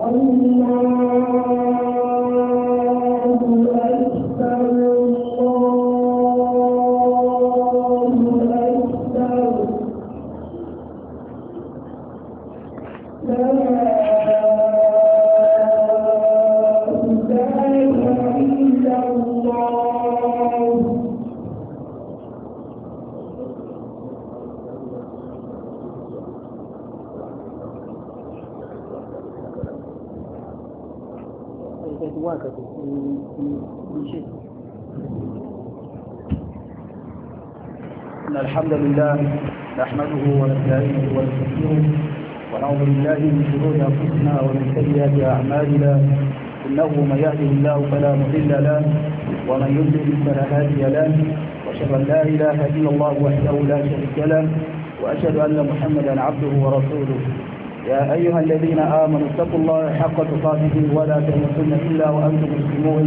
والله أكبر لله نحمده ونستعينه ونستغفره ونعوذ بالله من شرور انفسنا ومن سيئات اعمالنا انه من يهده الله فلا مضل له ومن يضلل فلا هادي له واشهد ان لا اله الا الله وحده لا شريك له واشهد ان محمدا عبده ورسوله يا أيها الذين آمنوا اتقوا الله حق تقاته ولا تموتن إلا وأنتم مسلمون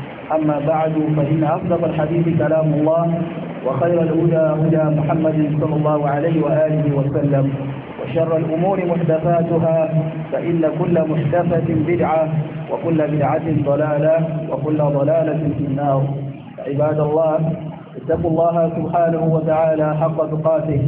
أما بعد فإن أصدق الحديث كلام الله وخير الهدى هدى محمد صلى الله عليه وآله وسلم وشر الأمور محدثاتها فإن كل محدثة بدعة وكل بدعة ضلالة وكل ضلالة في النار عباد الله اتقوا الله سبحانه وتعالى حق تقاته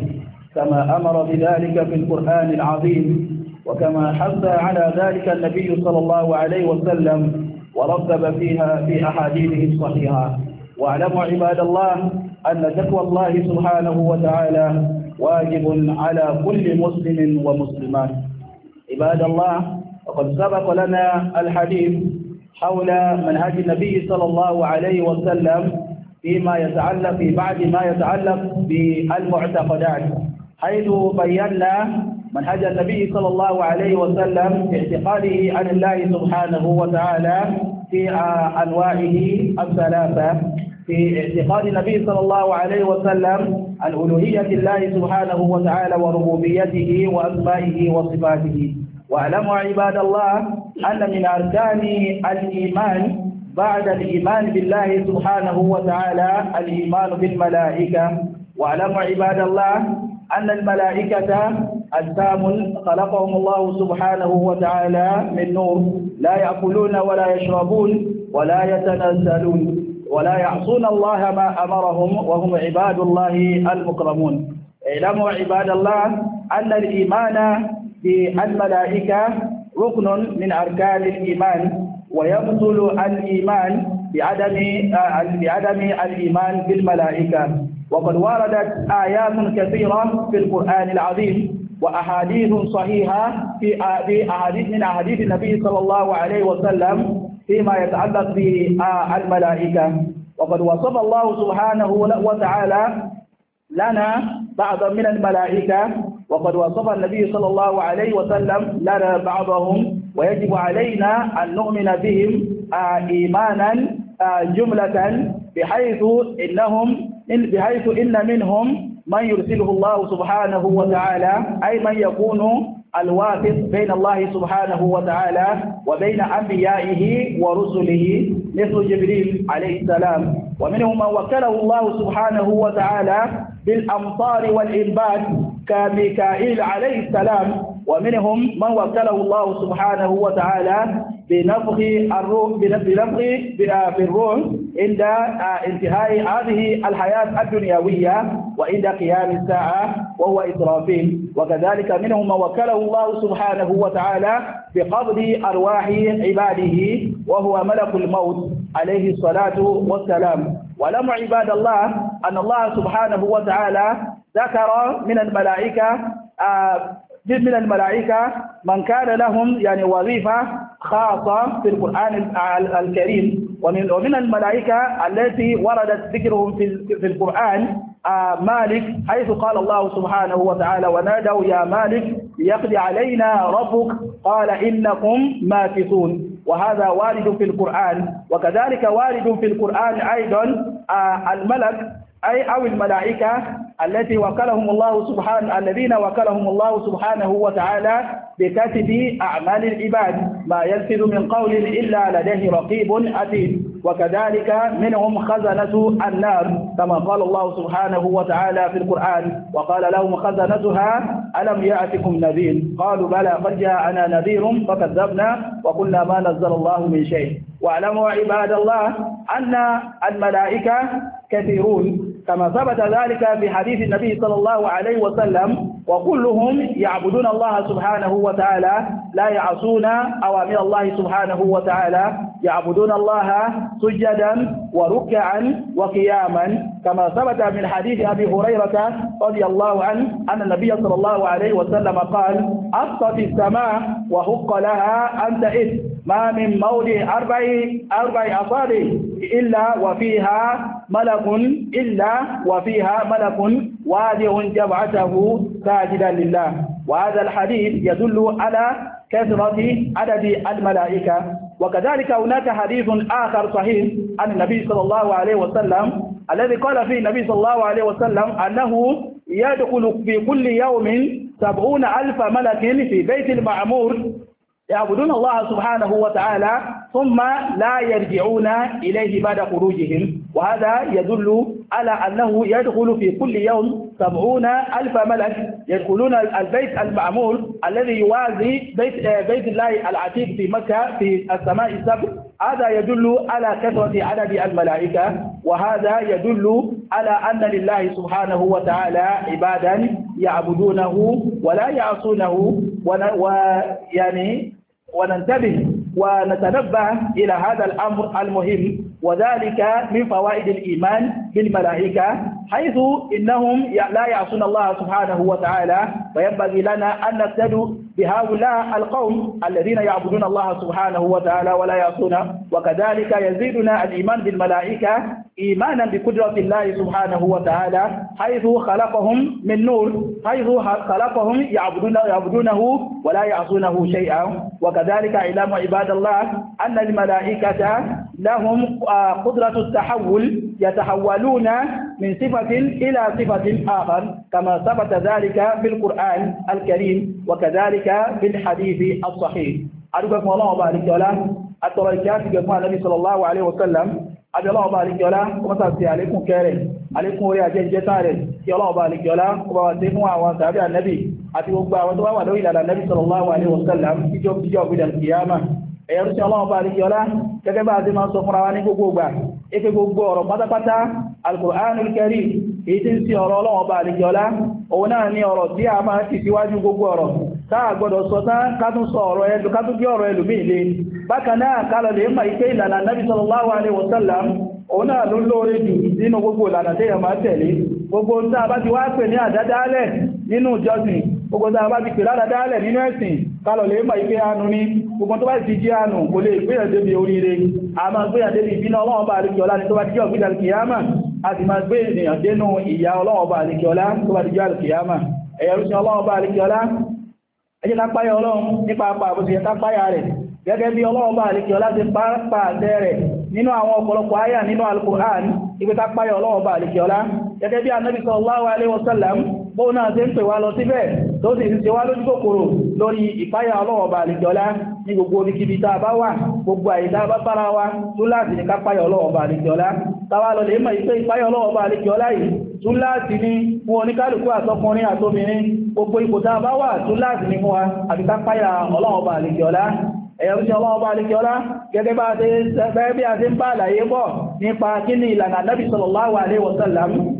كما أمر بذلك في القرآن العظيم وكما حث على ذلك النبي صلى الله عليه وسلم ورغب فيها في أحاديثه الصحيحة واعلموا عباد الله أن تقوى الله سبحانه وتعالى واجب على كل مسلم ومسلمات عباد الله وقد سبق لنا الحديث حول منهج النبي صلى الله عليه وسلم فيما يتعلق في بعد ما يتعلق بالمعتقدات حيث بينا منهج النبي صلى الله عليه وسلم في اعتقاده عن الله سبحانه وتعالى في آه، أنواعه الثلاثة في اعتقاد النبي صلى الله عليه وسلم عن ألوهية الله سبحانه وتعالى وربوبيته وأسمائه وصفاته واعلموا عباد الله أن من أركان الإيمان بعد الإيمان بالله سبحانه وتعالى الإيمان بالملائكة واعلموا عباد الله أن الملائكة أجسام خلقهم الله سبحانه وتعالى من نور لا يأكلون ولا يشربون ولا يتنزلون ولا يعصون الله ما أمرهم وهم عباد الله المكرمون اعلموا عباد الله أن الإيمان بالملائكة ركن من أركان الإيمان ويبطل الإيمان بعدم آه، بعدم الإيمان بالملائكة وقد وردت آيات كثيرة في القرآن العظيم وأحاديث صحيحة في أحاديث من أحاديث النبي صلى الله عليه وسلم فيما يتعلق بالملائكة وقد وصف الله سبحانه وتعالى لنا بعضا من الملائكة وقد وصف النبي صلى الله عليه وسلم لنا بعضهم ويجب علينا أن نؤمن بهم آه، إيمانا آه، جملة بحيث إنهم بحيث إن منهم من يرسله الله سبحانه وتعالى أي من يكون الوافد بين الله سبحانه وتعالى وبين أنبيائه ورسله مثل جبريل عليه السلام ومنهم من وكله الله سبحانه وتعالى بالأمطار والإنبات كميكائيل عليه السلام ومنهم من وكله الله سبحانه وتعالى بنفخ الروح بنفخ بالروح آه، الروح عند آه، انتهاء هذه الحياة الدنيوية وعند قيام الساعة وهو إسرافيل وكذلك منهم من وكله الله سبحانه وتعالى بقبض أرواح عباده وهو ملك الموت عليه الصلاة والسلام ولم عباد الله أن الله سبحانه وتعالى ذكر من الملائكة آه، من الملائكة من كان لهم يعني وظيفة خاصة في القرآن الكريم ومن ومن الملائكة التي وردت ذكرهم في في القرآن آه، مالك حيث قال الله سبحانه وتعالى ونادوا يا مالك ليقضي علينا ربك قال إنكم ماكثون وهذا وارد في القرآن وكذلك وارد في القرآن أيضا آه، الملك أي أو الملائكة التي وكلهم الله سبحان الذين وكلهم الله سبحانه وتعالى بكتب أعمال العباد ما يلفظ من قول إلا لديه رقيب عتيد وكذلك منهم خزنة النار كما قال الله سبحانه وتعالى في القرآن وقال لهم خزنتها ألم يأتكم نذير قالوا بلى قد جاءنا نذير فكذبنا وقلنا ما نزل الله من شيء واعلموا عباد الله أن الملائكة كثيرون كما ثبت ذلك في حديث النبي صلى الله عليه وسلم وكلهم يعبدون الله سبحانه وتعالى لا يعصون أوامر الله سبحانه وتعالى يعبدون الله سجدا وركعا وقياما كما ثبت من حديث أبي هريرة رضي الله عنه أن النبي صلى الله عليه وسلم قال أصطف السماء وهق لها أنت إذ ما من مولي أربع أربع أصابع إلا وفيها ملك إلا وفيها ملك وادع جبعته ساجدا لله وهذا الحديث يدل على كثرة عدد الملائكة وكذلك هناك حديث آخر صحيح عن النبي صلى الله عليه وسلم الذي قال فيه النبي صلى الله عليه وسلم أنه يدخل في كل يوم سبعون ألف ملك في بيت المعمور يعبدون الله سبحانه وتعالى ثم لا يرجعون إليه بعد خروجهم وهذا يدل على أنه يدخل في كل يوم سبعون ألف ملك يدخلون البيت المعمور الذي يوازي بيت, آه، بيت الله العتيق في مكة في السماء السبع هذا يدل على كثرة عدد الملائكة وهذا يدل على أن لله سبحانه وتعالى عبادا يعبدونه ولا يعصونه ويعني وننتبه ونتنبه إلى هذا الأمر المهم وذلك من فوائد الإيمان بالملائكة حيث إنهم لا يعصون الله سبحانه وتعالى فينبغي لنا أن نبتدئ بهؤلاء القوم الذين يعبدون الله سبحانه وتعالى ولا يعصونه وكذلك يزيدنا الإيمان بالملائكة إيمانا بقدرة الله سبحانه وتعالى حيث خلقهم من نور حيث خلقهم يعبدون يعبدونه ولا يعصونه شيئا وكذلك إعلام عباد الله أن الملائكة لهم آه، قدرة التحول يتحولون من صفة إلى صفة آخر كما ثبت ذلك في القرآن الكريم وكذلك ذلك بالحديث الصحيح أدوكم الله بارك ولا أترى كافي كما النبي صلى الله عليه وسلم أبي الله بارك ولا كما تأتي عليكم كارم عليكم وريا جنجتار يا الله بارك ولا كما تسمع وتابع النبي àti gbogbo àwọn tó wà wà lórí ìlànà Nabi sallallahu alaihi wasallam kíjọ kíjọ gbìdàn kìyàmà ẹ̀yà rúṣẹ́ ọlọ́run bá ríjọ lá gẹ́gẹ́ bá ti máa sọ fúnra wa ní gbogbo ìgbà ife gbogbo ọ̀rọ̀ pátápátá Al-Qur'anul Karim èyí tí ń sí ọ̀rọ̀ ọlọ́run bá ríjọ òun náà ní ọ̀rọ̀ tí a máa ti síwájú gbogbo ọ̀rọ̀ táà gbọ́dọ̀ sọ tán kátún sọ ọ̀rọ̀ ẹlù kátún gbé ọ̀rọ̀ ẹlù míì lé bákan náà kálọ̀ lè máa ipé ìlànà nábi sallallahu alaihi wasallam òun náà ló lóore jù nínú gbogbo ìlànà tẹ́yẹ̀ máa tẹ̀lé gbogbo tá a bá ti wá pè ní àdádálẹ̀ nínú ìjọsìn a bá nínú ẹ̀sìn kálọ̀ lè anu ní gbogbo tó bá ti anu kò lè gbéyàn ẹjẹ́ ká páyà ọlọ́run nípa apá àbúṣe ká páyà rẹ̀ gẹ́gẹ́ bí ọlọ́run bá àlekè ọlá ti pàápà àtẹ rẹ̀ nínú àwọn ọ̀pọ̀lọpọ̀ àyà nínú Al-Qur'an ibi ká páyà ọlọ́run bá àlekè ọlá gẹ́gẹ́ bí anábì sallallahu alaihi bó náà ṣe ń pè wá lọ síbẹ̀ tó sì ń lori wá lójú kòkòrò lórí ìpáyà ọlọ́ọ̀bà àlejọ́lá ní gbogbo oníkíbi tá a bá gbogbo àyíká bá bára wa tó ní ọlọ́ọ̀bà lọ lè mọ̀ ìpé ìpáyà ọlọ́ọ̀bà yìí ní fún gbogbo ipò tá a bá wà tún láti ní fún wa àti ká ọlọ́ọ̀bà ọlọ́ọ̀bá gẹ́gẹ́ bá a ti ń bá àlàyé bọ̀ nípa kí ni ìlànà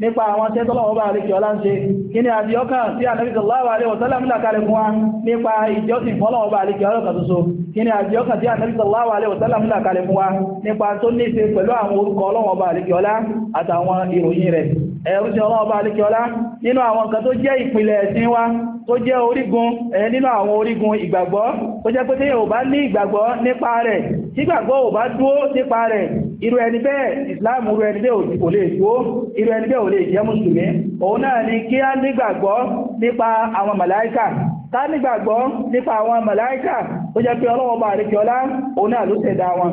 nípa àwọn tẹ́ tọ́lọ̀wọ́ bá àríkẹ́ ọlá ń ṣe kí ni àti ọkàn tí Ànábì sallallahu alaihi wasallam lákàrẹ fún wa nípa ìjọsìn fọ́lọ̀wọ́ bá àríkẹ́ ọlọ́kà tuntun kí ni àti ọkàn tí Ànábì sallallahu alaihi wasallam lákàrẹ fún wa nípa tó ní ẹ̀rù sí ọlọ́ọ̀bá alékiọlá nínú àwọn nǹkan tó jẹ́ ìpìlẹ̀ ẹ̀sìn wa tó jẹ́ orígun ẹ̀ nínú àwọn orígun ìgbàgbọ́ tó jẹ́ pé tí yóò bá ní ìgbàgbọ́ nípa rẹ̀ tí ìgbàgbọ́ ò bá dúó nípa rẹ̀ irú ẹni bẹ́ẹ̀ ìsìláàmù irú ẹni bẹ́ẹ̀ ò lè dúó irú ẹni bẹ́ẹ̀ ò lè jẹ́ mùsùlùmí òun náà ni kí á nígbàgbọ́ nípa àwọn màláíkà ká nígbàgbọ́ nípa àwọn màláíkà tó jẹ́ pé ọlọ́wọ́ bá àríkíọlá òun náà ló ṣẹ̀dá wọn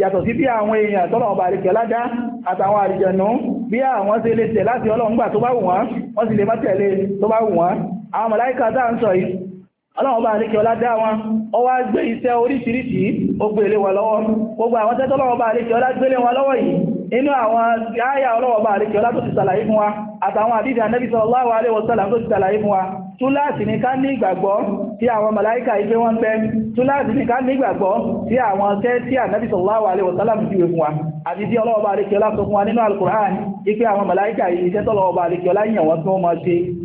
yàtọ̀ sí bí àwọn èèyàn tọ́lọ̀ ọba àríkẹ̀ ládá àtàwọn àrìjẹ̀nú bí àwọn sí lè tẹ̀ láti Ọlọ́run gbà tó bá wù wọ́n wọ́n sì lè má tẹ̀lé tó bá wù wọ́n àwọn màláíkà tá ń sọ yìí Ọlọ́run ọba àríkẹ̀ ọládá wọn ó gbé iṣẹ́ oríṣiríṣi ó gbé inú àwọn ayà ọlọ́wọ̀bá àríkẹ́ ọlá tó ti sàlàyé fún wa àtàwọn àdídì ànẹ́bí sallallahu alaihi wasallam tó ti sàlàyé fún wa túláàsì ní ká ní ìgbàgbọ́ tí àwọn màláíkà ìgbé wọn bẹ túláàsì ní ká ní ìgbàgbọ́ tí àwọn tẹ́ tí ànẹ́bí sallallahu alaihi wasallam júwe fún wa àti tí ọlọ́wọ̀bá àríkẹ́ ọlá sọ fún wa nínú Al-Qur'an ipe àwọn màláíkà iṣẹ́ àríkẹ́ ọlá yìnyàn tó mọ́ ṣe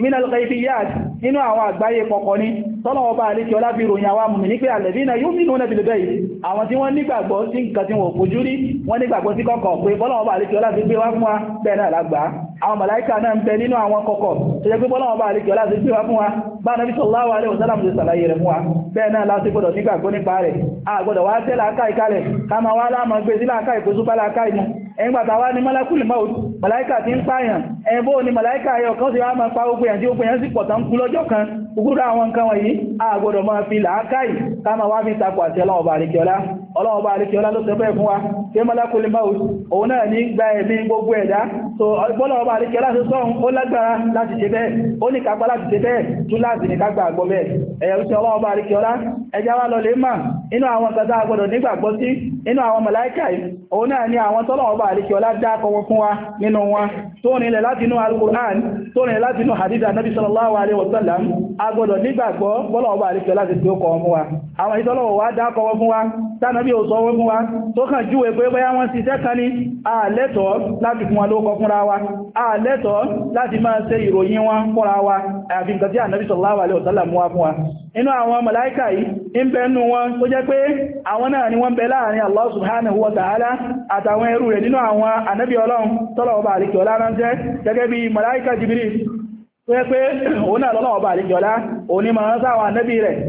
minal ghaibiyat nínú àwọn àgbáyé kọ̀kọ̀ ní tọ́lọ̀wọ́ bá alẹ́kẹ́ ọlábí ìròyìn àwọn mùmí ní pé alladhina yu'minuna bil ghaib àwọn tí wọ́n nígbàgbọ́ sí nǹkan tí wọ́n fojú wa bẹ́ẹ̀ náà lágbà àwọn màláìkà náà ń bẹ nínú àwọn kọ̀kọ̀ tó jẹ́ pé bọ́lọ̀wọ́ bá alẹ́kẹ́ ọlábí gbé wá fún wa bá nàbí sallallahu alaihi wasallam ti sàlàyé rẹ̀ fún wa bẹ́ẹ̀ náà láti gbọ́dọ̀ nígbàgbọ́ nípa rẹ̀ a gbọ́dọ̀ wá tẹ́lá káìkalẹ̀ ká máa wá láàmà gbé sí láàkáì ẹ̀yìn gbàtàwà ni malakul maut màláíkà ti ń pààyàn ẹ̀yìn bóò ni màláíkà ayọ̀ kan sì wá máa pa ogun ẹ̀yàn tí ogun ẹ̀yàn sì pọ̀ kú lọ́jọ́ kan gbogbo àwọn nǹkan wọ̀nyí a gbọ́dọ̀ máa fi làákàyè ká máa wá fi takò àti ọlọ́ọ̀bà àríkẹ́ọlá ọlọ́ọ̀bà àríkẹ́ọlá ló sẹ́fẹ́ fún wa tí mọ́lákùnlé máa òun náà ní gba ẹ̀mí gbogbo ẹ̀dá so ọlọ́ọ̀bà àríkẹ́ọlá tó sọ́run ó lágbára láti ṣe bẹ́ẹ̀ ó ní kápá láti ṣe bẹ́ẹ̀ tún láti ní kágbà àgbọ́ bẹ́ẹ̀ ẹ̀yà ń sọ ọlọ́ọ̀bà àríkẹ́ọlá ẹjá wa lọ lè mà inú àwọn kan tá a wa nínú wọn tó nílẹ̀ láti inú Al-Qur'an tó sallallahu alaihi wasallam agbọ́dọ̀ nígbàgbọ́ bọ́lọ̀ ọba àríkẹ́ láti tí ó kọ ọmọ wa àwọn ìtọ́lọ̀wọ̀ wá dákọ wọn fún wa tánàbí ò sọ wọn fún wa tó kàn júwe pé bóyá wọ́n ti sẹ́kan ní ààlẹ́tọ̀ láti fún wọn ló kọ fúnra wa ààlẹ́tọ̀ láti máa ṣe ìròyìn wọn fúnra wa àyàfi nǹkan tí ànábì sallallahu alaihi wasallam wá fún wa inú àwọn màláíkà yìí ń bẹ nínú wọn tó jẹ́ pé àwọn náà ni wọ́n bẹ láàrin Allah subhanahu wa ta'ala àtàwọn ẹrú rẹ̀ nínú àwọn ànábì ọlọ́run tọ́lọ̀ ọba àríkẹ́ ọlá ránṣẹ́ gẹ́gẹ́ bí màláíkà Jibril tó yẹ pé òun náà lọ́nà ọba àdíjọlá òun ni máa ń sáwọn ànábì rẹ̀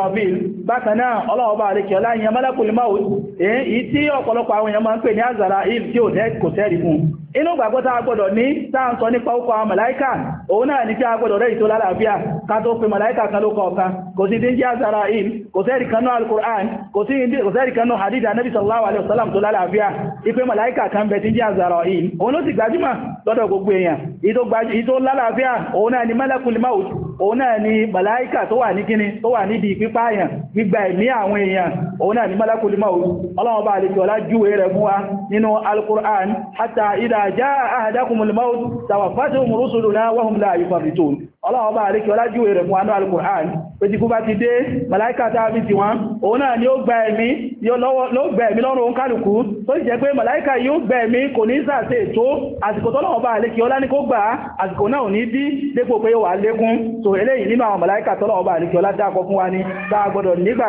Israfil bákanáà ọlọ́ọ̀bá àríkẹ̀ ọlá ìyẹn Maut èyí tí ọ̀pọ̀lọpọ̀ àwọn èèyàn máa ń pè ní Azarail tí ò tẹ́rì fún inú gbàgbọ́ tá a gbọ́dọ̀ ní tá ń sọ nípa ọkọ̀ àwọn màláíkà òun náà ní kí a gbọ́dọ̀ rẹ̀ ìtò lálàáfíà ká tó pe màláíkà kan ló kọ̀ọ̀kan kò sí dín jẹ́ àzára ìm kò sẹ́rì kan náà al-Qur'an kò sí sẹ́rì kan náà hadith anabi sallallahu alaihi wasallam tó lálàáfíà ipe màláíkà kan bẹ̀ dín jẹ́ àzára ìm òun ló ti gbajúmọ̀ lọ́dọ̀ gbogbo èèyàn ni malakul maut òun náà ni màláíkà tó wà ni malakul maut ọlọ́wọ́n bá àlejò ọlá júwe rẹ̀ fún wa إذا جاء أهلكم الموت توفتهم رسلنا وهم لا يفرطون ọlọ́wọ́ bá àríkẹ́ ọlájúwẹ̀ rẹ̀ fún anú al-Qur'an pé ti kú bá ti dé màláíkà tàbí ti wọ́n òun náà ni ó gba ẹ̀mí ló gba ẹ̀mí lọ́rùn òun kálùkù tó sì jẹ́ pé màláíkà yóò gba ẹ̀mí kò ní sàṣẹ́ ètò àsìkò tọ́lọ́wọ́ bá àríkẹ́ ọlá ní kó gbà àsìkò náà ní dí dépò pé wà lékún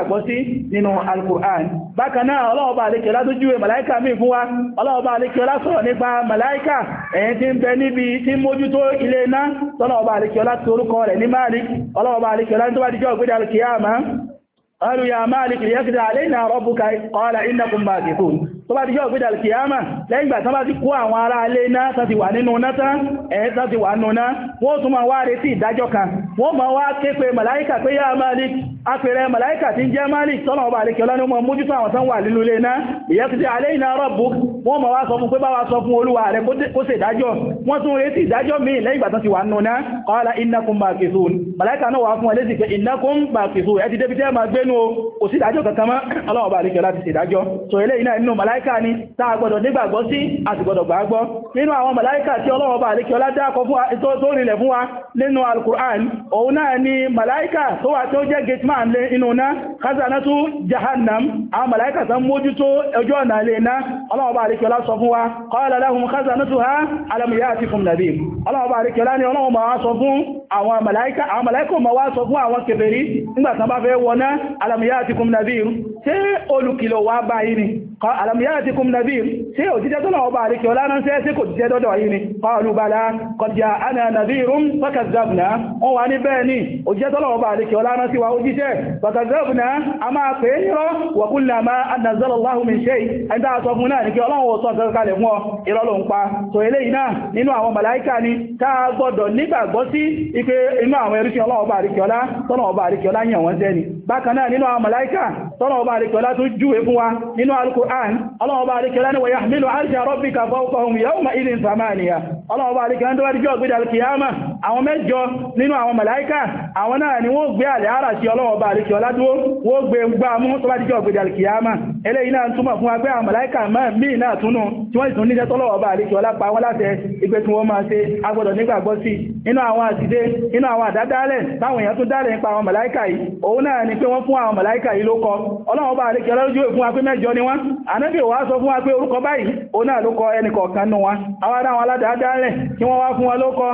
al-Qur'an bákan náà ọlọ́wọ́ bá àríkẹ́ ọlá tó júwe màláíkà míì fún wa ọlọ́wọ́ bá àríkẹ́ ọlá pe orúkọ rẹ̀ ní Malik ọlọ́wọ́ Malik ọlá tó bá díjọ́ ògbédà kìí àmá ọlú ya Malik lè yẹ́kìdà alẹ́ ìnà rọ́bùka kọ́ọ̀lá ìnàkùn bá tó bá ti jọ́ ògbédà kìyàmà lẹ́yìn ìgbà tán bá ti kó àwọn ará alé náà tán wà nínú náà tán ẹ̀ẹ́ tán wà nínú náà wọ́n tún máa wá retí ìdájọ́ kan wọ́n máa wá ké màláíkà pé yá Malik apẹ̀rẹ̀ màláíkà tí ń jẹ́ Malik tọ́nà ọba àlekẹ́ ọlá ní wọn mójútó àwọn tán wà nínú ilé náà ìyẹ́ ti màláíkà ni táa gbọdọ̀ nígbàgbọ́ sí àti gbọdọ̀ gbàgbọ́ nínú àwọn màláíkà tí ọlọ́wọ́ bá àríkẹ́ ọládákọ tó rinlẹ̀ fún wa nínú al òun náà ni màláíkà tó wà tó jẹ́ gateman lé inú ná jahannam àwọn màláíkà tán mójútó ẹjọ́ ọ̀nà lè ná ọlọ́wọ́ bá àríkẹ́ ọlá sọ fún wa qala lahum khazanatuha alam ya'tikum nadhir ọlọ́wọ́ bá àríkẹ́ ọlá ni ọlọ́wọ́ ma wá sọ fún àwọn màláíkà alam ya'tikum nadhir ṣé òjíṣẹ́ tó náà ọba àríkẹ́ ọláránṣẹ́ sí kò jíṣẹ́ dọ́dọ̀ yìí ni qalu bala qad ja'ana nadhirun fakadhabna wọ́n wà ní bẹ́ẹ̀ ni òjíṣẹ́ tó náà ọba àríkẹ́ ọláránṣẹ́ wa òjíṣẹ́ fakadhabna a máa pè é nírọ́ wa qulna ma anzala Allahu min shay ẹ̀dá sọ fún náà ní kí ọlọ́run sọ nǹkan kalẹ̀ fún ọ irọ́ ni tá a gbọ́dọ̀ nígbàgbọ́ sí ike inú àwọn ẹrú sí ọlọ́run ọba àríkẹ́ọlá tọ́nà ọba àríkẹ́ọlá yàn wọ́n sẹ́ni bákan náà nínú àwọn màláíkà tọ́nà ọba àríkẹ́ọlá tún júwe fún wa nínú alukó القرآن اللهم بارك لنا ويحمل عرش ربك فوقهم يومئذ ثمانية اللهم بارك لنا ورجوك بدأ القيامة àwọn mẹ́jọ nínú àwọn màláíkà àwọn náà ni wọ́n gbé àlẹ́ ara sí ọlọ́wọ́ bá àríkì ọládúwó wọ́n gbé ń gbá mú tó bá díjọ́ ògbèdè alkiyama eléyìí náà túnmọ̀ fún agbé àwọn màláíkà máa míì náà túnú tí wọ́n ìtún níṣẹ́ tọ́lọ́wọ́ bá àríkì ọlápa wọ́n láti ìgbé tí wọ́n máa ṣe agbọ́dọ̀ nígbàgbọ́ sí inú àwọn àtìdé inú àwọn àdádálẹ̀ táwọn èèyàn náà ni wọ́n fún àwọn màláíkà yìí ọlọ́wọ́ bá àríkì ọlọ́jọ́ ìfún apé anábì wá sọ fún wa pé orúkọ báyìí o náà ló kọ ẹnìkọ̀ kanú wa àwọn ará aládàádá rẹ̀ kí wọ́n wá fún wọn lókọ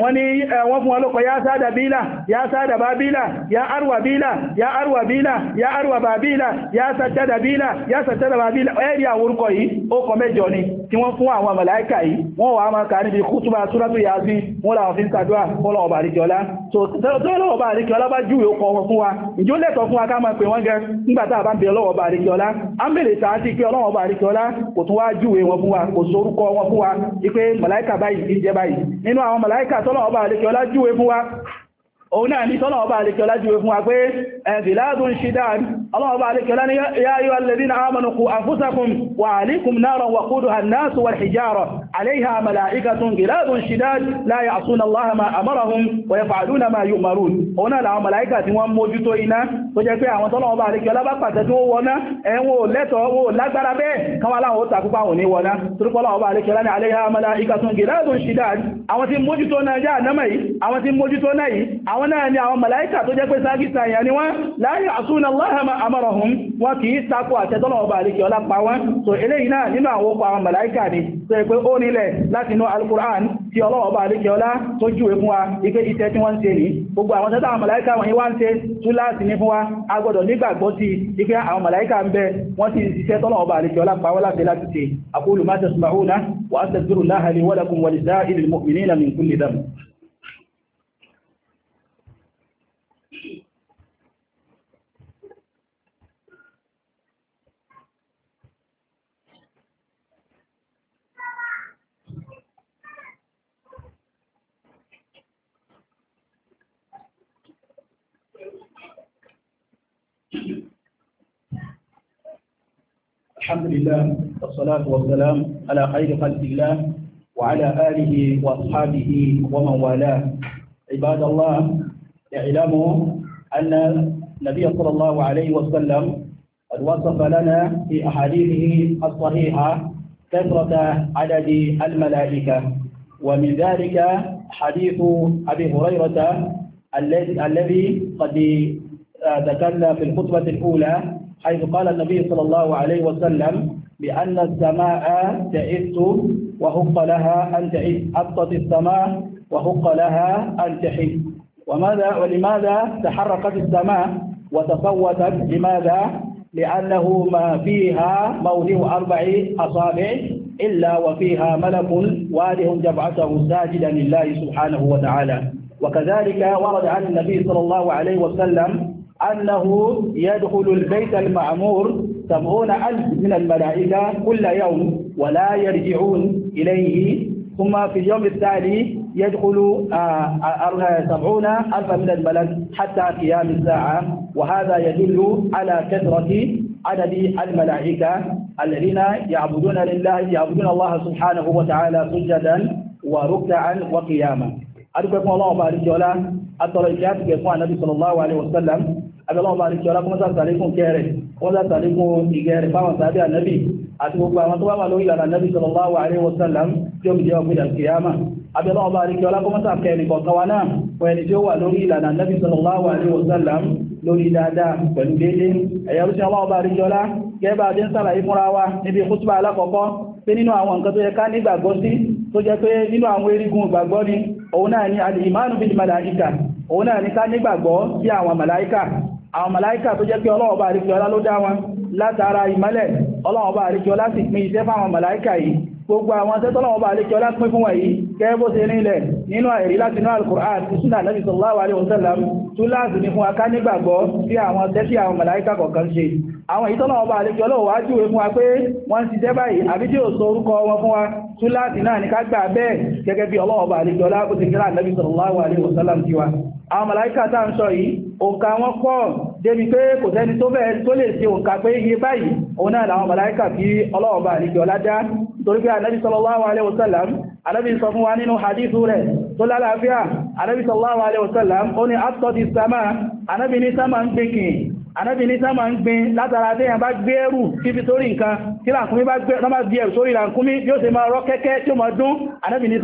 wọ́n fún wọn lókọ ya sáàdà bílà ya sáàdà bá bílà ya arwa bílà ya arwa bílà ya arwa bá bílà ya sàtẹ́dà bílà ya sàtẹ́dà bá bílà ẹ̀rí àwọn orúkọ yìí ó kọ mẹ́jọ ni tí wọ́n fún àwọn màláíkà yìí wọ́n wà máa kà níbi kútùbà súrátù yàásí wọ́n làwọn fi ń sàdúrà fọ́lọ̀ ọba àríkẹ́ọlá tó tọ́lọ̀ ọba àríkẹ́ọlá bá júwe ó kọ fún wa ìjó lẹ́tọ̀ fún wa ká máa pè wọ́n gẹ nígbàtà bá ń bẹ ọlọ́wọ́ ọba àríkẹ́ọlá á ń bèèrè sáà àti ìkẹ́ ọlọ́wọ́ bá àríkẹ́ ọlá kò tún wá júwe wọn fún wa kò sórúkọ wọn fún wa ipé màláíkà báyìí ìjẹ báyìí nínú àwọn màláíkà tọ́lọ́wọ́ bá àríkẹ́ ọlá júwe fún wa òun náà ní tọ́lọ́wọ́ bá àríkẹ́ ọlá júwe fún wa pé ẹ̀bìládùn ṣídáàrí الله عليك لنا يا أيها الذين آمنوا قوا أنفسكم وعليكم نارا وقودها الناس والحجارة عليها ملائكة غلاب شداد لا يعصون الله ما أمرهم ويفعلون ما يؤمرون هنا لا ملائكة وموجودة هنا وجاء àwọn tọ́lọ̀ ọba àríkẹ́ ọlábàpàtẹ́ tí ó wọná ẹ̀wọ̀n lẹ́tọ̀ owó lágbára bẹ́ẹ̀ kan wá láwọn ó tàkúpá òní wọná torípọ́lọ̀ ọba àríkẹ́ láni àléyà mọ́lá ikàtún gẹ̀rẹ́dùn ṣìdáàdì àwọn tí mójútó náà jẹ́ ànámà yìí àwọn tí mójútó náà yìí àwọn náà ni àwọn amarahum wọ́n kì í takò àtẹ́tọ́lọ̀ ọba àríkì ọlá pa wọ́n so eléyìí náà nínú àwọn okò àwọn màláíkà ni tó yẹ pé ó nílẹ̀ láti inú alukur'an tí ọlọ́wọ́ ọba àríkì ọlá tó júwe fún wa ipé iṣẹ́ tí wọ́n ń ṣe ní gbogbo àwọn tẹ́tà àwọn màláíkà wọ̀nyí wá ń ṣe túláàsì ní fún wa a gbọ́dọ̀ nígbàgbọ́ sí ipé àwọn màláíkà ń bẹ wọ́n ti ṣiṣẹ́ tọ́lọ̀ ọba àríkì ọlá pa wọ́n láti láti الحمد لله والصلاة والسلام على خير خلق الله وعلى آله وأصحابه ومن والاه عباد الله اعلموا أن النبي صلى الله عليه وسلم قد وصف لنا في أحاديثه الصحيحة كثرة عدد الملائكة ومن ذلك حديث أبي هريرة الذي قد آه، ذكرنا في الخطبة الأولى حيث قال النبي صلى الله عليه وسلم بأن السماء تعث وحق لها أن تعث أبطت السماء وحق لها أن تحث وماذا ولماذا تحركت السماء وتصوتت لماذا لأنه ما فيها موضع أربع أصابع إلا وفيها ملك واله جبعته ساجدا لله سبحانه وتعالى وكذلك ورد عن النبي صلى الله عليه وسلم أنه يدخل البيت المعمور سبعون ألف من الملائكة كل يوم ولا يرجعون إليه ثم في اليوم التالي يدخل آه، آه، آه، سبعون ألف من الملك حتى قيام الساعة وهذا يدل على كثرة عدد الملائكة الذين يعبدون لله يعبدون الله سبحانه وتعالى سجدا وركعا وقياما adúgbẹ́kún ọlọ́ọ̀bá àríkíọlá atọ̀rọ̀ ìkẹ́ àtìgẹ̀ fún ànábì sallallahu alaihi wasallam abẹ́lọ́ọ̀bá àríkíọlá kún sàtàlékún kẹrẹ̀ kún sàtàlékún ìgẹ̀rẹ̀ fáwọn sàbí ànábì àti gbogbo àwọn tó wà wà lórí ìlànà ànábì sallallahu alaihi wasallam tí ó bìí ọgbìn àkìyàmà abẹ́lọ́ọ̀bá àríkíọlá kún sàkẹ́rì kọ̀ọ̀kan wa náà fún ẹni tí ó wà lórí ìlànà ànábì sallallahu alaihi wasallam lórí dáadáa pẹ̀lú déédéé ẹ̀yà rúṣin ọlọ́ọ̀bá àríkíọlá gẹ́gẹ́ bá a ti ń sàlàyé fúnra wa níbi kútùbà alákọ̀ọ́kọ́ pé nínú àwọn nǹkan tó yẹ ká nígbàgbọ́ sí tó jẹ́ pé nínú àwọn erigun ìgbàgbọ́ ni òun náà ni alìmánu bí màláíkà òun náà ni ká nígbàgbọ́ sí àwọn màláíkà àwọn màláíkà tó jẹ́ pé ọlọ́ọ̀bá àríkíọlá ló dá wọn látara ìmọ́lẹ̀ ọlọ́ọ̀bá àríkíọlá sì pín iṣẹ́ fáwọn màláíkà yìí gbogbo àwọn tẹ́tọ́ lọ́wọ́ bá alékẹ́ ọlá pín fún wa yìí kẹ́ẹ̀bọ́ sí nílẹ̀ nínú àìrí láti inú al-Qur'an àti súnà Nabi sallallahu alaihi wasallam túláàsì ní fún aká nígbàgbọ́ sí àwọn tẹ́sí àwọn màláíkà kọ̀ọ̀kan ṣe àwọn ìtọ́lọ̀wọ́ bá alékẹ́ ọlọ́wọ́ wá júwe fún wa pé wọ́n ti jẹ́ báyìí àbí tí ò sọ orúkọ wọn fún débi pé kò sẹ́ni tó bẹ́ẹ̀ tó lè ṣe òǹkà pé iye báyìí òun náà làwọn màláíkà bí ọlọ́ọ̀bà àríkẹ́ ọládá torí pé ànábì sallallahu wasallam ànábì sọ fún wa nínú hadithu rẹ̀ tó lálàáfíà ànábì sallallahu alaihi wasallam ó ní atọ́dì sama ànábì ní sama ń gbìnkìn ànábì ní sama ń gbin látara tí yàn bá gbé ẹrù síbi sórí nǹkan tí làǹkúmí bá gbé ọmọ bí ẹrù sórí làǹkúmí yóò ṣe máa rọ kẹ́kẹ́ tí ó máa dún ànábì ní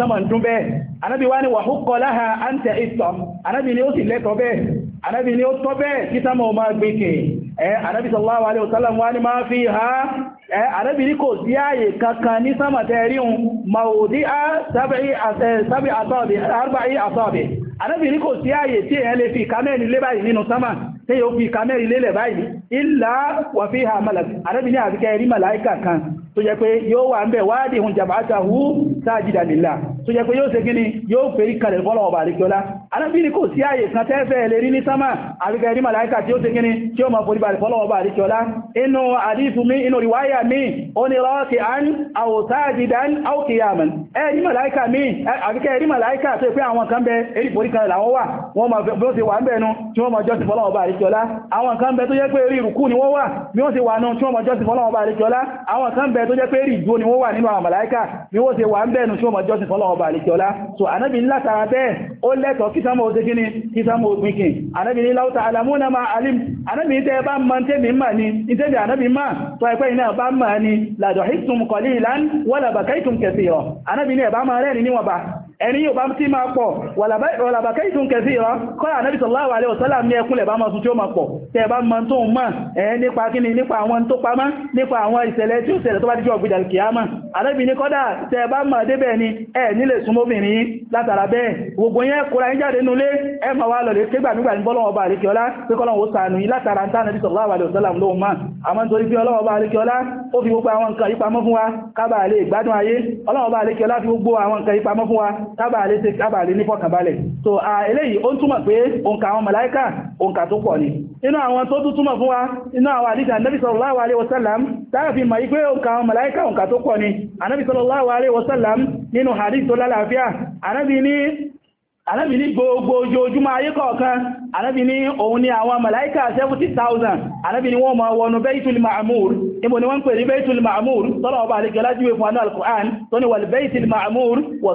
anábi ni ó tọ́ bẹ́ẹ̀ títà mọ̀ máa gbé kè ẹ́ anábi sallallahu alaihi wasallam wá ní máa fi ha ẹ́ anábi ní kò sí ààyè kankan ní sámàtẹ́ ríun maòdí sábẹ̀ àtọ́bẹ̀ anábi ní kò sí ààyè tí èyàn lè fi kamẹ́rin lé báyìí nínú sámà tí yóò fi tó jẹ́ pé yóò ṣe kí ni yóò fèrí kalẹ̀ fọ́lọ̀ ọba àríkọlá alábìnrin kò sí ààyè kan tẹ́fẹ́ lè rí ní sánmà àríkà ẹ̀rí màláíkà tí ó ṣe kí ni tí ó ma forí balẹ̀ fọ́lọ̀ ọba àríkọlá inú àdífù mi inú ríwáyà mi ó ní rọ́ọ̀kì án àwòtáàdìdán áwòkìyàmàn ẹ̀rí màláíkà mi àríkà ẹ̀rí màláíkà tó pé àwọn kan bẹ èrí forí kan làwọn wà wọ́n ma bí ó ṣe wà ń bẹ̀nu tí wọ́n ma jọ́sìn fọ́lọ̀ ọba àríkọlá àwọn ọba àlejọ́lá so anábi ńlá tara bẹ́ẹ̀ ó lẹ́tọ̀ọ́ kí sámọ̀ òsè kíní kí sámọ̀ òpinkin anábi ní láwọ́ta alamúnà máa alim anábi tẹ́ bá mọ́ tẹ́mi mà ní ìtẹ́mi anábi mà tọ́ ẹ̀pẹ́ iná bá mà ní làdọ̀hìtùm kọ̀lí ìlànà wọ́làbàkẹ́tùm kẹsì ọ̀ anábi ẹni yóò bá tí máa pọ̀ wàlàbàkẹ́ ìtún kẹfì rán kọ́lá Ànábì sallallahu alaihi wasallam ní ẹkúnlẹ̀ bá mọ́sún tí ó máa pọ̀ tẹ́ bá mọ́ tó ń mọ́ ẹ̀ nípa kíni nípa àwọn tó pamọ́ nípa àwọn ìṣẹ̀lẹ̀ tí ó ṣẹlẹ̀ tó bá díjọ́ ọ̀gbìdà kìámà Ànábì ní kọ́dà tẹ́ bá mọ̀ débẹ̀ ni ẹ nílẹ̀ súnmọ́bìnrin látara bẹ́ẹ̀ gbogbo yẹn kóra yín jáde nulé ẹ máa wá lọlẹ̀ kégbà nígbà ní bọ́lọ́wọ́ bá àríkẹ́ ọlá pé kọ́lọ́wọ́ sànù yín látara tá Ànábì sallallahu alaihi wasallam lóhun mọ́ àmọ́ nítorí pé ọlọ́wọ́ bá àríkẹ́ ọlá kábàlẹ̀ ní fọkànbalẹ̀ so eléyìí ó túmọ̀ pé òǹkà àwọn màláíkà òǹkà tó pọ̀ ni inú àwọn tó túmọ̀ fún wa inú àwọn àdíjà Ànábì sallallahu alaihi wasallam tààfi ma ipé òǹkà àwọn màláíkà òǹkà tó pọ̀ ni Ànábì sallallahu alaihi wasallam nínú hadith tó lálàáfíà Ànábì ní anábì ní gbogbo ojoojúmọ́ ayé kọ̀ọ̀kan anábì ní òun ni àwọn màláíkà 70,000 anábì ní wọ́n máa wọnú baitul ma'amur ibo ni wọ́n pè ní baitul ma'amur tọ́lọ̀ ọba àríkẹ́ lájúwé fún al-Qur'an tó ni wal baitul ma'amur wa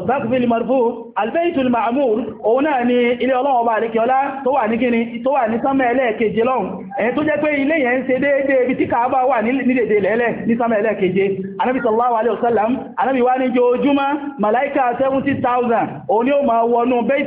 marfu al-baitul ma'amur òun ni ilé ọlọ́wọ́ ọba àríkẹ́ ọlá tó wà ní kíni tó wà ní sánmà ẹlẹ́ẹ̀keje lọ́hùn ẹ̀yìn tó jẹ́ pé ilé yẹn ń ṣe déédéé ibi tí kàábà wà ní dédé lẹ́lẹ̀ ní sánmà ẹlẹ́ẹ̀keje anábì sallallahu alaihi wasallam anábì wá ní ojoojúmọ́ màláíkà 70,000 òun ni ó máa wọnú bait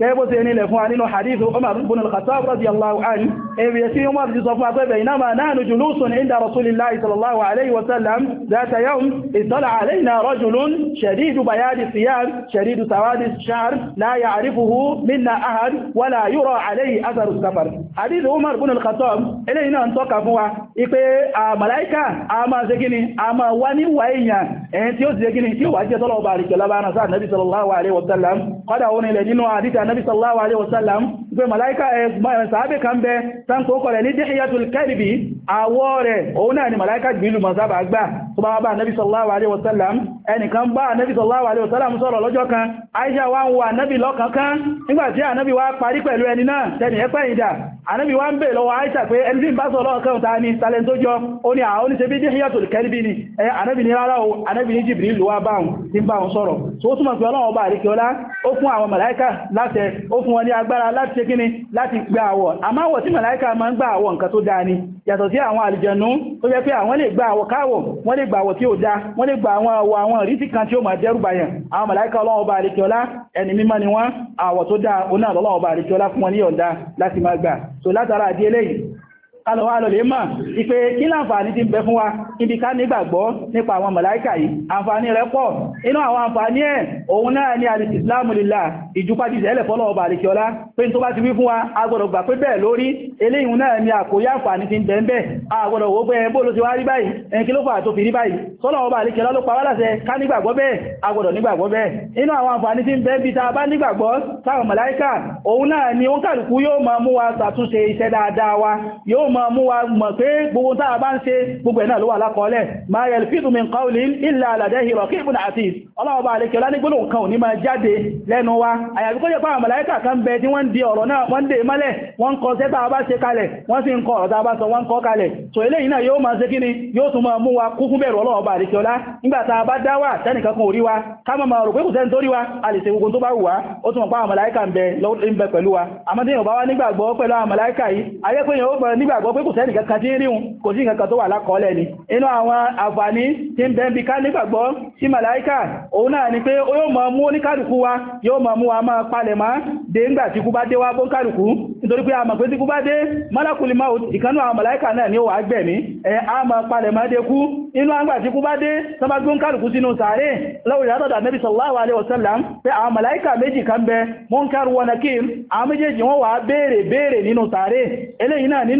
gẹ́gbó ti ẹni ilẹ̀ fún ànínú hadith Umar ibn al-Khattab radiyallahu anhu ẹ̀rẹ̀ sí Umar ti sọ fún afẹ́fẹ́ inama nahnu julusun inda rasulillahi sallallahu alaihi wasallam dhata yawm ittala alaina rajulun shadidu bayadi siyam shadidu sawadi sha'r la ya'rifuhu minna ahad wala yura alaihi atharu safar hadith Umar ibn al-Khattab ilẹ̀ iná ń tọ́ka fún wa ipe a malaika a máa ṣe gini a máa wá ní wà èèyàn ẹ̀yìn tí ó ṣe gini tí ó jẹ́ tọ́lọ̀ ọba lábára sáà nabi sallallahu alaihi wasallam kọ́dà òun ilẹ̀ nínú àdíjà النبي صلى الله عليه وسلم pé màláíkà ẹgbọ́n sàábì kan bẹ tánkò kọ̀rẹ̀ ní Dihyatul Kalbi àwọ̀ rẹ̀ òun náà ni màláíkà Jibrilu masába gbà tó bá bá Nabi sallallahu alaihi wasallam ẹnìkan Nabi sallallahu alaihi wasallam sọ̀rọ̀ lọ́jọ́ Aisha wá Nabi lọ́kankan nígbàtí Ànábì wá parí pẹ̀lú ẹni náà tẹni ẹpẹ́ ìdá Ànábì wá Aisha pé ẹni tí ń bá talent tó jọ ó ní àwọn oníṣẹ́ bí Dihyatul Kalbi ni ẹ Ànábì ní rárá o Ànábì ní Jibrilu wá báhùn tí ń báhùn sọ̀rọ̀ tó túnmọ̀ pé Ọlọ́run bá àríkẹ́ ọlá ó fún àwọn kíni láti gba àwọ̀ àmáwọ̀ tí màláíkà máa ń gba àwọ̀ nǹkan tó dáa ni yàtọ̀ sí àwọn àlìjẹ̀nú tó jẹ́ pé àwọn lè gba àwọ̀ káwọ̀ wọ́n lè gba àwọ̀ tí ó dá wọ́n lè gba àwọn àwọ̀ àwọn ìrísí kan tí ó máa dẹ́rùbàyàn àwọn màláíkà ọlọ́wọ́ bá àlìkíọlá so látara àdí eléyìí kalọ̀wà lọ lè máa ìpé kí láǹfààní ti ń bẹ fún wa ibi ká nígbàgbọ́ nípa àwọn màláíkà yìí àǹfààní rẹ̀ pọ̀ inú àwọn àǹfààní ẹ̀ òun náà ni alìsì islamu lílà ìjúpájíṣẹ́lẹ̀ fọ́lọ́ọ̀bà àríkíọlá pé tó bá ti wí fún wa agbọ́dọ̀ gbà ni àkórí àǹfààní ti ń bẹ ń bẹ agbọ́dọ̀ wo bẹ́ẹ̀ bó ló ti wá rí báyìí ẹn kí ló fà tó fi rí báyìí sọ́lọ́ọ̀bà àríkíọlá ló ni ó kàlùkù yóò máa mú ma mú wa mọ̀ pé gbogbo tàà bá ń ṣe gbogbo ẹ̀nà ló wà lákọọ́lẹ̀ ma yalfidu min qawlin illa ladayhi raqibun atid ọlọ́ọ̀bá alẹ́kẹ́ lánígbónà kan ò ní máa jáde lẹ́nu wa àyàbí kó jẹ́ pé àwọn màláíkà kan bẹ tí wọ́n ń di ọ̀rọ̀ náà wọ́n ń dè mọ́lẹ̀ wọ́n ń kọ sẹ́ta bá ṣe kalẹ̀ wọ́n sì ń kọ ọ̀rọ̀ tá a bá sọ wọ́n ń kọ kalẹ̀ tó eléyìí náà yóò máa ṣe kíni yóò tún máa mú wa kú fún bẹ̀rù ọlọ́ọ̀bá àdìkẹ́ ọlá nígbà tá a bá ò rí wa ká máa wá ó tún mọ̀ pé àwọn yìí ayé pé èèyàn ó gbọ́ nígbà nígbàgbọ́ pé kò sẹ́nì kankan tí ń ríun kò sí kankan tó wà lákọọ́lẹ̀ ni inú àwọn àǹfààní tí ń bẹ́ẹ̀bí ká nígbàgbọ́ sí màláíkà òun náà ni pé ó yóò mọ̀ mú oníkàlùkù wa yóò mọ̀ mú wa máa palẹ̀ mọ́ dé ńgbà tí kú bá dé wá bó kàlùkù nítorí pé a ni ó wà gbẹ̀mí ẹ̀ a mọ̀ palẹ̀ mọ́ dé kú inú àgbà tí kú bá dé tó bá gbé kàlùkù sínú sàárè lọ́wọ́ ìyàtọ̀dà nẹ́bí sallallahu alaihi wasallam pé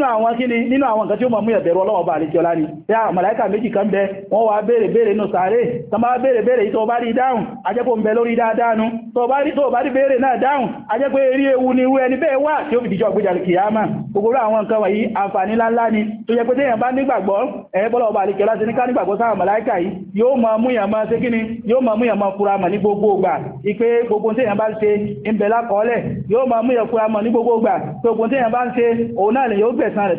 àwọn àwọn kíni nínú àwọn nǹkan tí ó mọ̀ mú ẹ̀bẹ̀rù ọlọ́wọ́ bá àlejò ọlá ni tí a ah, màláìkà méjì kan bẹ wọ́n wá béèrè béèrè nù sàárè tó bá béèrè béèrè tó bá rí dáhùn ajẹ́pọ̀ ń bẹ lórí dáadáa nu tó bá rí tó bá rí béèrè náà dáhùn ajẹ́pọ̀ eré ewu ni irú ẹni bẹ́ẹ̀ wà tí ó fi dìjọ́ gbéjà kìyàmà gbogbo àwọn nǹkan wọ̀nyí àǹfààní ni tó yẹ pé téèyàn bá nígbàgbọ́ ẹ̀ bọ́lọ̀ ọba àlejò ọlá ti ní ká nígbàgbọ́ sáwọn màláìkà yìí yóò máa mú yàn máa ṣe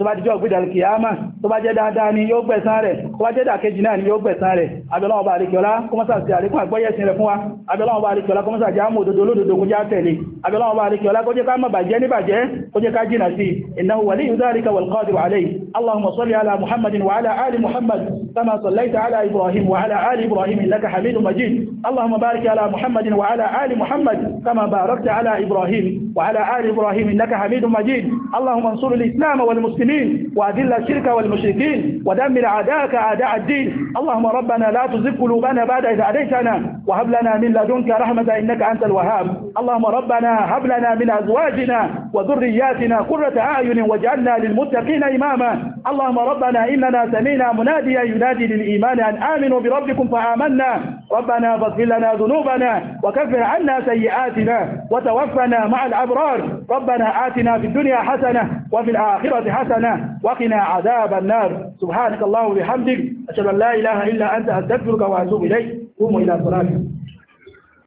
tó bá dijọ́ gbídà kìyàmà tó bá jẹ́ dáadáa ni yóò gbẹ̀san rẹ̀ tó bá jẹ́ dàkejì náà ni yóò gbẹ̀san rẹ̀ abẹ́lọ́wọ́ bá àríkẹ́ọ́lá kọmọ́sà sí àríkún àgbọ́yẹ̀sìn rẹ̀ fún wa abẹ́lọ́wọ́ bá àríkẹ́ọ́lá kọmọ́sà jẹ́ àmú òdodo olódodo kó já tẹ̀lé abẹ́lọ́wọ́ bá àríkẹ́ọ́lá kó jẹ́ ká má bàjẹ́ ní bàjẹ́ kó jẹ́ ká jìnà sí innahu waliyyu dhalika wal qadiru alayhi allahumma salli ala muhammadin wa ala ali muhammad kama sallaita ala ibrahim wa ala ali ibrahim innaka hamidun majid allahumma barik ala muhammadin wa ala ali muhammad kama barakta ala ibrahim wa ala ali ibrahim innaka hamidun majid allahumma ansur al-islam wal muslimin المسلمين وأذل الشرك والمشركين ودمر أعداءك أعداء الدين اللهم ربنا لا تزغ قلوبنا بعد إذ هديتنا وهب لنا من لدنك رحمة إنك أنت الوهاب اللهم ربنا هب لنا من أزواجنا وذرياتنا قرة أعين واجعلنا للمتقين إماما اللهم ربنا إننا سمينا مناديا ينادي للإيمان أن آمنوا بربكم فآمنا ربنا فاغفر لنا ذنوبنا وكفر عنا سيئاتنا وتوفنا مع الأبرار ربنا آتنا في الدنيا حسنة وفي الآخرة حسنة ربنا وقنا عذاب النار سبحانك اللهم وبحمدك أشهد أن لا إله إلا أنت أستغفرك وأتوب إليك قوموا إلى صلاتكم